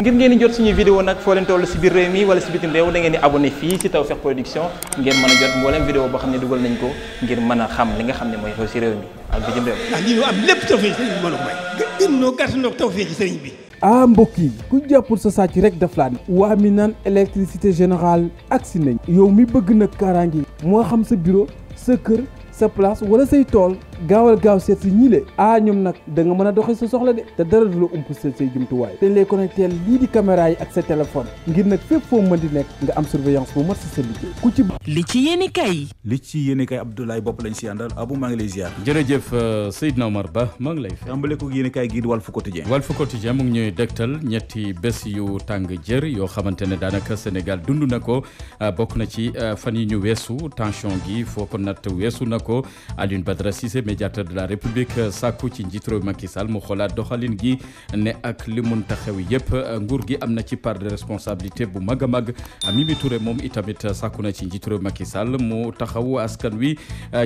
ngir ngeen di jot suñu vidéo nag foo leen toll si biir réew mi wala si bitim réew da ngeen di abonné fii si Tawfekh Production ngeen mën a jot mboolem vidéo boo xam ne dugal nañ ko ngir mën a xam li nga xam ne mooy xew si réew mi ak ah, bi mën a may. ah mbokk yi ku jàppul sa sàcc rek daf laan waa mi naan électricité générale agsi nañ. yow mi bëgg nag kaaraange moo xam sa bureau sa kër sa place wala say tool gaawal gaaw seet si ñii le ah, ñoom nag da nga mën a doxee sa soxla de te dara du la ump sa say jumtuwaay te ñu lay connecté lii di caméra yi ak sa téléphone ngir nag fépp foo mën di nekk nga am surveillance bu mat si sa liggéey ku ci. li ci yéen i kay. li ci yéen i kay Abdoulaye Bopp lañ si àndal abu maa ngi lay ziar. jërëjëf euh, Seydina Omar Ba maa ngi lay. tàmbale ko yéen i kay gii di Walf Quotidien. Walf Quotidien mu ngi ñuy dégtal ñetti bés yu tàng jër yoo xamante ne daanaka Sénégal dund na ko euh, bokk na ci euh, fan yi weesu tension gi foo ko na ko Alioune médiateur de la république euh, sàkku ci njiitu réew Macky Sall mu xoolaat doxalin gi ne ak li mun taxew yëpp euh, nguur gi am na ci part de responsabilité bu mag a mag Mimi Touré moom itamit euh, sakku na ci njiitu réew Macky Sall mu taxaw askan wi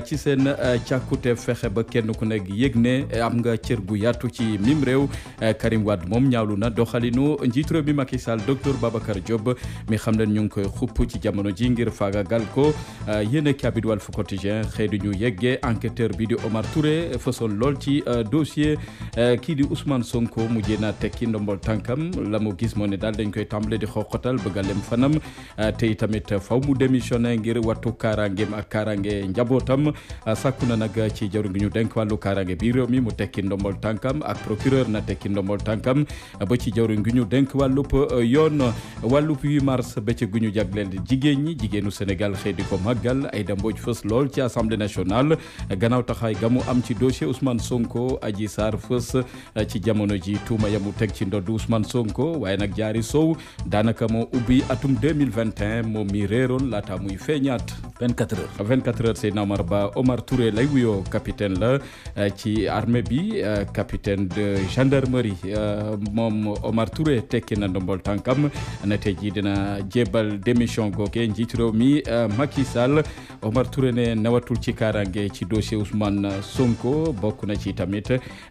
ci seen càkkute fexe ba kenn ku nekk yëg ne am nga cër gu yaatu ci mim réew Karim Wade moom ñaawlu na doxalinu njiitu réew mi Macky Sall docteur Babacar Diop mi xam ne ñu ngi koy xupp ci jamono ji ngir faagagal ko yéen a Oumar Touré fësoon lool ci euh, dossier euh, kii di Ousmane Sonko mujjee naa tekki ndombol tànkam la mu gis moo ne daal dañ koy tàmbale di xooqatal bëgg a fanam euh, tey tamit faw mu démissionné ngir wattu kaaraangeem ak kaaraange njabootam sàkku na nag ci jaru ngi ñu denk wàllu kaaraange bi réew mi mu tekki ndombol tànkam ak procureur na tekki ndombool tànkam ba ci jaru ngi ñu denk wàllub yoon wàllub 8 mars be gu ñu jagleel jigéen ñi jigéenu Sénégal xëy ko màggal ay dambooj fës lool ci assemblée nationale gamu am ci dossier Ousmane Sonko Adji Sarr fës eh, ci jamono ji tuuma yamu teg ci ndodd Ousmane Sonko waaye nag Diary Sow daanaka mo ubbi atum 2021 moom mi réeroon laata muy feeñaat 24 heures 24 heures Seydina Omar Ba Omar Touré lay wuyoo capitaine la eh, ci armée bi eh, capitaine de gendarmerie moom Omar Touré tekki na ndombol tànkam na tey jii dina jébal démission googe njiit réew mi Macky Sall ne newatul ci kaaraange ci dossier Ousmane Sonko bokk na ci tamit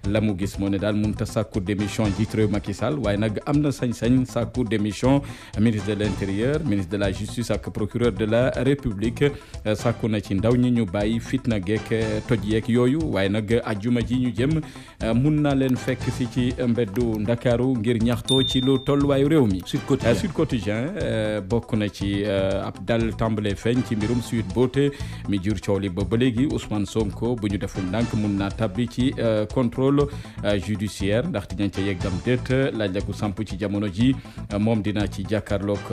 la gis moo ne daal mënut a sàkku démission jiitu réew Macky waaye nag am na sañ-sañ sàkku démission ministre de l' intérieur ministre de la justice ak procureur de la république sàkku na ci ndaw ñi ñu bàyyi fitna geek toj yeeg yooyu waaye nag ajuma ji ñu jëm mun naa leen fekk si ci mbeddu Ndakaaru ngir ñaxto ci lu tolluwaayu réew mi. Sud Quotidien bokk na ci ab dal tàmbale feeñ ci mbirum Sweet Beauté mi jur coow li léegi Ousmane Sonko deful ndànk mun naa tabbi ci euh, contrôle euh, judiciaire ndax dinañ ca yeggam déet euh, laaj la samp ci jamono ji moom dina ci jàkkaarloog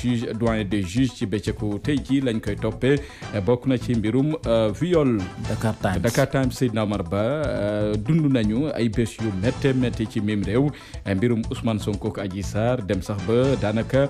juge doyen des juges ci bëccëgu tey ji lañ koy toppee bokk na ci mbirum viol. Dakar Times Dakar Times Seydina Omar Ba dund nañu ay bés yu méttee méttee ci mim réew mbirum Ousmane Sonko aji sar dem sax ba daanaka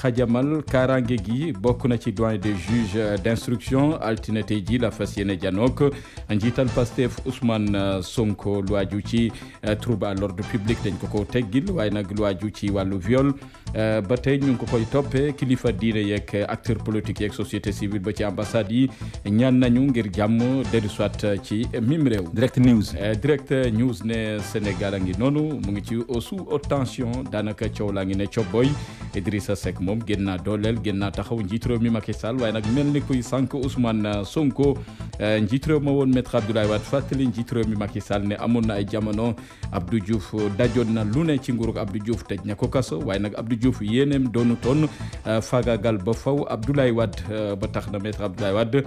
xajamal kaaraange gi bokk na ci doyen de juges d'instruction altine tey ji la fas yéene janook njiital Pastef Ousmane uh, Sonko lu ci uh, trouble à l'ordre public dañ ko ko teggil waaye nag lu ci wàllu viol uh, ba tey ñu ngi ko koy toppee kilifa diine yeeg acteur politique yeeg société civile ba ci ambassade yi ñaan nañu ngir jàmm dellu soit ci mim réew. direct news direct news ne Sénégal a ngi noonu mu ngi ci sous haute tension daanaka coow laa ngi ne cobboy Idrissa Seck moom gën naa dooleel gën naa taxaw njiit réew mi Macky Sall waaye nag mel ni kuy sànq Ousmane Sonko njiit maître Abdoulaye Wade fàttali njiit mi Macky Sall ne amoon na ay jamono Abdou Diouf dajoon na lu ne ci nguurug Abdou Diouf tëj na ko kaso waaye nag Abdou Diouf yéeneem doonu toon euh, fagagal ba faw Abdoulaye Wade euh, ba tax na maître Abdoulaye Wade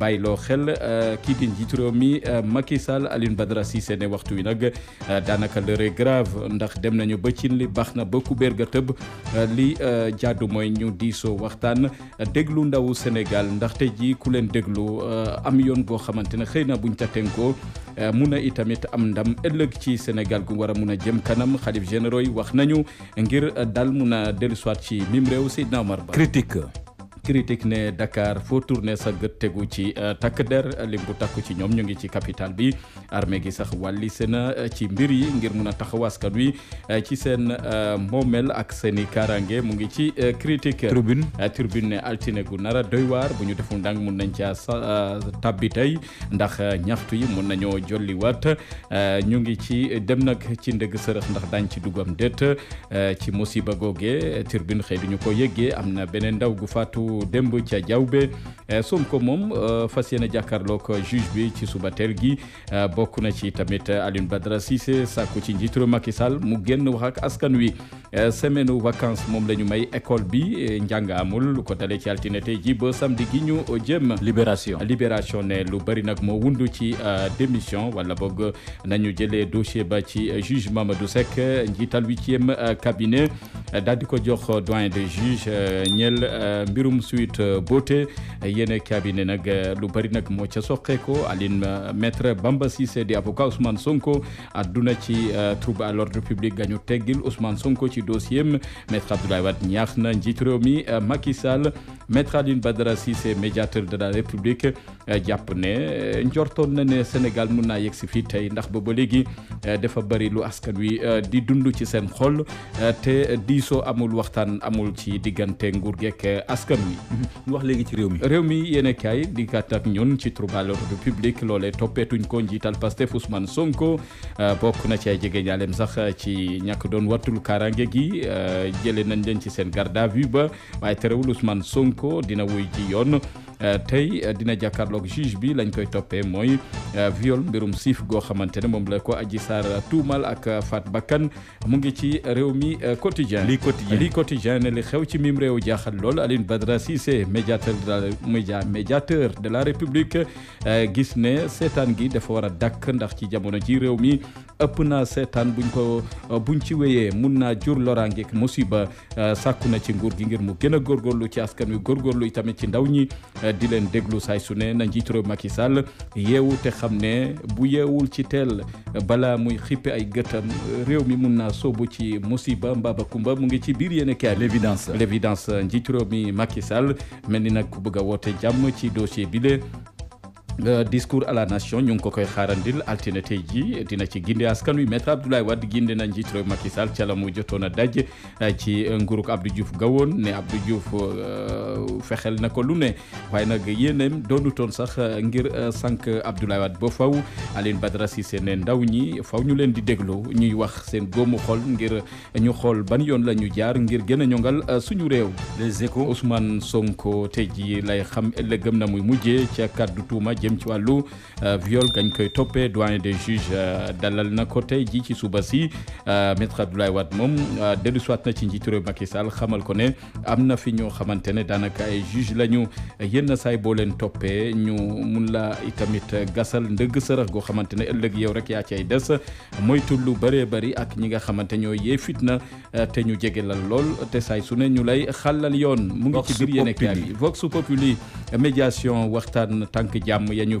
bàyyi loo xel euh, kii di njiit réew mi Macky Sall Alioune Badara Cissé ne waxtu wi nag daanaka l'heure grave ndax dem nañu ba cin li baax na ba ku béer ga tëb li jaadu mooy ñu diisoo waxtaan déglu ndawu Sénégal ndaxte ji ku leen déglu am na buñ ca tënkoo eh, mun a itamit am ndam ëllëg ci Sénégal gu war a mun a jëm kanam xalif généraux yi wax nañu ngir dal mun a dellusiwaat ci mim réew Seydina Omar Ba critique ne Dakar foo tourné sa gët tegu ci euh, takk der lim takku ci ñoom ñu ngi ci capital bi armée gi sax wàllise na euh, ci mbir yi ngir mun a tax askan wi euh, ci seen moomel ak seen i kaaraange mu ngi ci critique tribune tribune ne altine gu nara doy waar bu ñu deful dang mun nañ caa tabbi tey ndax ñaxtu yi mun nañoo jolliwaat ñu ngi ci dem nag ci ndëgg sërëx ndax dañ ci dugam déet ci musiba googe tribune xëy du ñu ko yëggee am na beneen ndaw gu faatu bu démb ca jawbe eh, Sonko moom eh, fas yéene jàkkaarloog juge bi ci suba teel gi eh, bokk na ci tamit Alioune Badara Cissé sàkku ci njiitu Macky Sall mu génn wax ak askan wi. Euh, semaine vacances moom la ñu may école bi euh, njàng amul lu ko dalee ci altine tey ji ba samedi gi ñu jëm libération libération ne lu bëri nag moo wundu ci euh, démission wala boog nañu jëlee dossier ba ci juge Mamadou Seck njiital huitième cabinet daal di ko jox doyen des juges ñeel mbirum suite beauté yéen cabinet nag lu bëri nag moo ca soqeeko Aline maître Bamba Cissé di avocat Ousmane Sonko adduna ci trouble à l'ordre public gañu teggil Ousmane Sonko ci ci dossier am maître Abdoulaye Wade ñaax na njiitu réew mi euh, Macky Sall Badara Cissé médiateur de République euh, jàpp ne euh, njortoon na ne Sénégal mun naa yegg si fii tey ndax ba ba léegi dafa bëri lu askan wi di dund ci seen xol te diisoo amul waxtaan amul ci diggante nguur geek askan wi. Mhm. ñu wax léegi ci réew mi. réew mi yéen kaay di kat ak ñun ci trouble ordre public toppeetuñ ko njiital Pastef Ousmane Sonko bokk na ci ay jege ñaaleem sax ci ñàkk doon wattul kaaraange ji gi euh, jëlee nañ leen ci seen garde à vue ba waaye terewul Ousmane Sonko dina wuy ji yoon. Euh, tey euh, dina jàkkaarloog juge bi lañ koy toppee mooy euh, viol mbirum siif goo xamante ne moom la ko Adji Sarr tuumal ak faat bakkan mu ngi ci réew mi quotidien li quotidien li quotidien ne li xew ci mim réew jaaxal lool Alioune Badara Cissé médiateur de la média médiateur de la République gis ne seetaan gi dafa war a dakk ndax ci jamono ji réew mi ëpp na seetaan buñ ko buñ ci wéyee mun naa jur loraange musiba sàkku na ci nguur gi ngir mu gën a góorgóorlu ci askan wi góorgóorlu tamit ci ndaw ñi di leen déglu saay su ne na njiitu réew Macky Sall yeewu te xam ne bu yeewul ci teel balaa muy xippe ay gëtam réew mi mun naa soobu ci musiba mbaaba kumba mu ngi ci biir yéen a kaay l'évidence l'évidence njiitu réew mi Macky Sall mel ni nag ku bëgg a woote jàmm ci dossier bile Euh, discours à la nation ñu ngi ko koy xaarandil altine tey ji dina ci ginde askan wi maître Abdoulaye Wade ginde na njiit réew Macky Sall ca la a daj euh, ci nguurug Abdou Diouf gawoon ne Abdou Diouf euh, fexeel na ko lu ne waaye nag yéeneem doonutoon sax ngir sànq Abdoulaye Wade ba faw alin Badara Cissé ne ndaw ñi faw ñu leen di déglu ñuy wax seen góomu xol ngir ñu xool ban yoon la ñu jaar ngir gën a ñongal suñu réew. Les Échos Ousmane Sonko tey ji lay xam ëllëgëm na muy mujjee ca kaddu tuuma jëm ci wàllu euh, viol gañ koy toppee doyen des juges euh, dalal na ko tey ji ci suba si euh, maître Abdoulaye waat moom dellu soit na ci njiitu réew Macky Sall xamal ko ne am na fi ñoo xamante ne daanaka ay juge la ñu yenn say boo leen toppee ñu mun la itamit gasal ndëgg sërëx goo xamante ne ëllëg yow rek yaa ci ay des moytu lu bëree bari ak ñi nga xamante ñoo yee fitna te ñu jege la lool te say su ne ñu lay xàllal yoon mu ngi ci biir yéene kaay bi Vox Populi médiation waxtaan ya ñu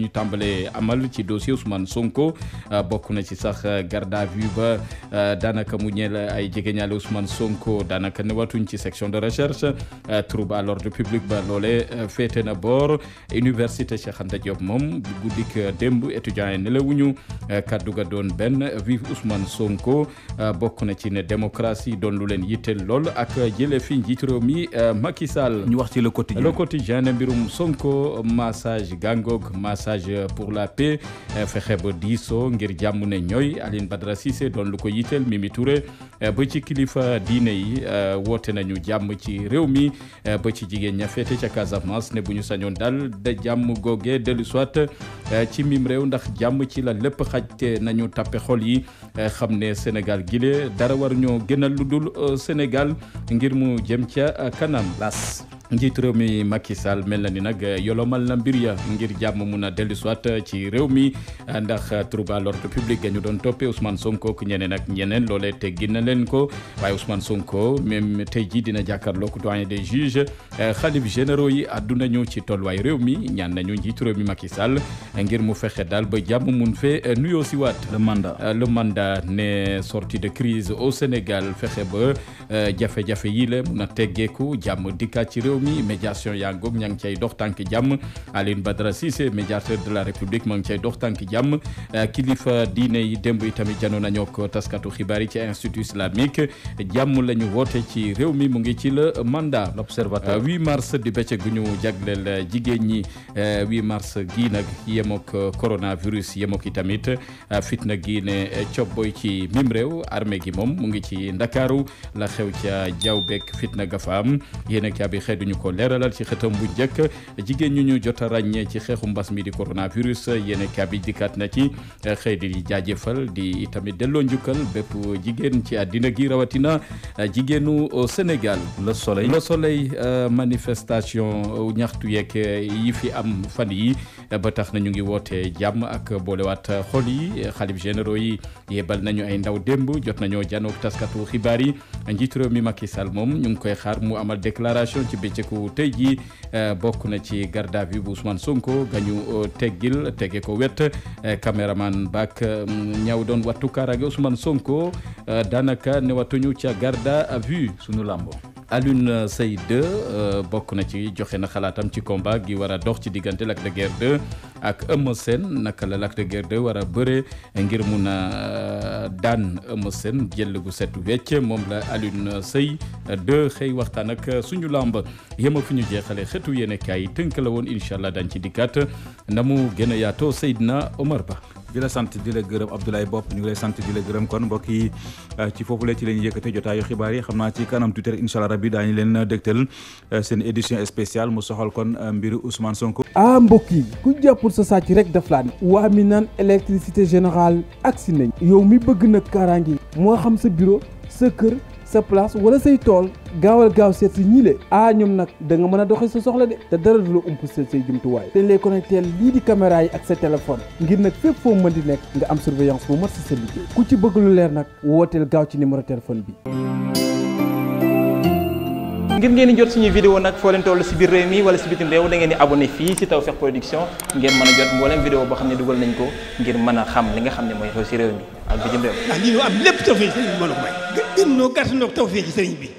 ñu tàmbalee amal ci dossier Ousmane Sonko euh, bokk na ci sax euh, garde à vue ba euh, daanaka mu ñeel ay jegeñaale Ousmane Sonko daanaka newatuñ ci section de recherche trouble à l'ordre public ba loole féete na boor université Cheikh Anta Diop moom guddik démb étudiant yi nelawuñu kaddu doon benn vive Ousmane Sonko bokk na ci ne démocratie doon lu leen yitteel lool ak jële fi njiit réew mi Macky ne mbirum Sonko massage massage massage pour la paix eh, fexe ba diso ngir jàmm ne ñooy Aline Badara Cissé doon lu ko yitteel Mimi Touré eh, ba ci kilifa diine yi eh, woote nañu jàmm ci réew mi ba ci jigéen ña ca Casamance ne bu ñu sañoon daal da jàmm googe dellu soit ci mim réew ndax jàmm ci la lépp xajte nañu tappe xol yi xam ne Sénégal gile dara war ñoo gënal lu dul Sénégal ngir mu jëm ca kanam las njiitu réew mi Macky Sall mel na ni nag yolomal na mbir ngir jàmm mun a dellu soit ci réew mi ndax trouble à l'ordre public ga ñu doon toppee Ousmane Sonko ku ñeneen ak ñeneen loolee teggi na leen ko waaye Ousmane Sonko même tey jii dina jàkkaarloog doyen des juges xalif généraux yi adduna ñu ci tolluwaay réew mi ñaan nañu njiitu réew mi Macky Sall ngir mu fexe daal ba jàmm mun fe nuyoo si waat. le mandat le mandat ne sortie de crise au Sénégal fexe ba jafe-jafe yi la mun teggeeku jàmm dikkaat réew mi médiation yaa ngoog ña ngi cay dox tànk jàmm Alioune Badara médiateur de la République ma ngi cay dox tànk jàmm euh, kilifa diine yi demb yi tamit na nañoo ak taskatu xibaar yi ci institut islamique jàmm la ñu woote ci réew mi mu ngi ci le mandat l'observateur 8 euh, mars di bëccëg gu ñu jagleel euh, jigéen ñi 8 mars gii nag yemook coronavirus yemook i tamit fitna gii ne cobboy ci mim réew armée gi moom mu ngi ci Ndakaaru la xew ca jaww beeg fitna ga fa am a kaabi duñu ko leeralal ci xëtam bu njëkk jigéen ñu ñu jot a ràññee ci xeexu mbas mi di coronavirus yéene kabi dikkaat na ci xëy di jaajëfal di tamit delloo njukkal bépp jigéen ci addina gi rawatina jigéenu Sénégal. le soleil le soleil euh, manifestation ñaxtu yeeg yi fi am fan yi ba tax na ñu ngi woote jàmm ak boolewaat xol yi xalif généraux yi yebal nañu ay ndaw démb jot nañoo janook taskatu xibaar yi njiitu réew mi Macky moom ñu ngi koy xaar mu amal déclaration ci bëccëgu tey jii eh, bokk na ci garde à vue bu Ousmane Sonko gañu eh, teggil tege ko wet eh, caméraman baak mm, ñaw doon wattu kaaraange Ousmane Sonko daanaka ne wattuñu ci garde à vue sunu lambo. Alioune Seye euh, 2 bokk na ci joxe na xalaatam ci combat gi war a dox ci diggante Lac de Guiers 2 ak Eumeu Sène naka la lak de Guiers 2 war a bëre ngir mun a euh, daan Eumeu Sène jël gu set wecc moom la Alioune Seye 2 xëy waxtaan ak suñu làmb yema fu ñu jeexale xetu yéene kaay tënk la woon incha allah daañu ci diggat na mu gën a yaatoo Seydina Omar Ba. di sant di la gërëm Abdoulaye Bopp ñu ngi lay sant di la gërëm kon mbokk yi euh, ci foofulee ci la ñuy yëkkate jotaayu xibaar yi xam naa ci kanam tuuti rek incha allah rabi daañu leen euh, dégtal euh, seen édition spéciale mu soxal kon mbiru Ousmane Sonko. ah mbokk yi ku jàppul sa sàcc rek daf laan waa mi naan électricité générale si nañ yow mi bëgg nag kaaraange moo xam sa bureau sa kër. sa place wala say tool gaawal gaaw seet si ñi le ah nag da nga mën a doxee sa soxla de te dara du la ump seet say jumtuwaay te ñu lay connecté lii di caméra yi ak sa téléphone ngir nag fépp foo mën di nekk nga am surveillance bu mat si sa liggéey ku ci bëgg lu leer nag wooteel gaaw ci numéro téléphone bi. ngir ngeen di jot suñu vidéo nag foo leen toll si biir réew mi wala si bitim réew da ngeen di abonné fii si Tawfekh Production ngeen mën a jot nañ ko ngir mën a xam li nga xam ne mooy xew si réew mi. ak bi ci ndem. ndax ah, lii am lépp tawfeex sëriñ bi moo la ko may. gën noo gàtt noo tawfeex bi.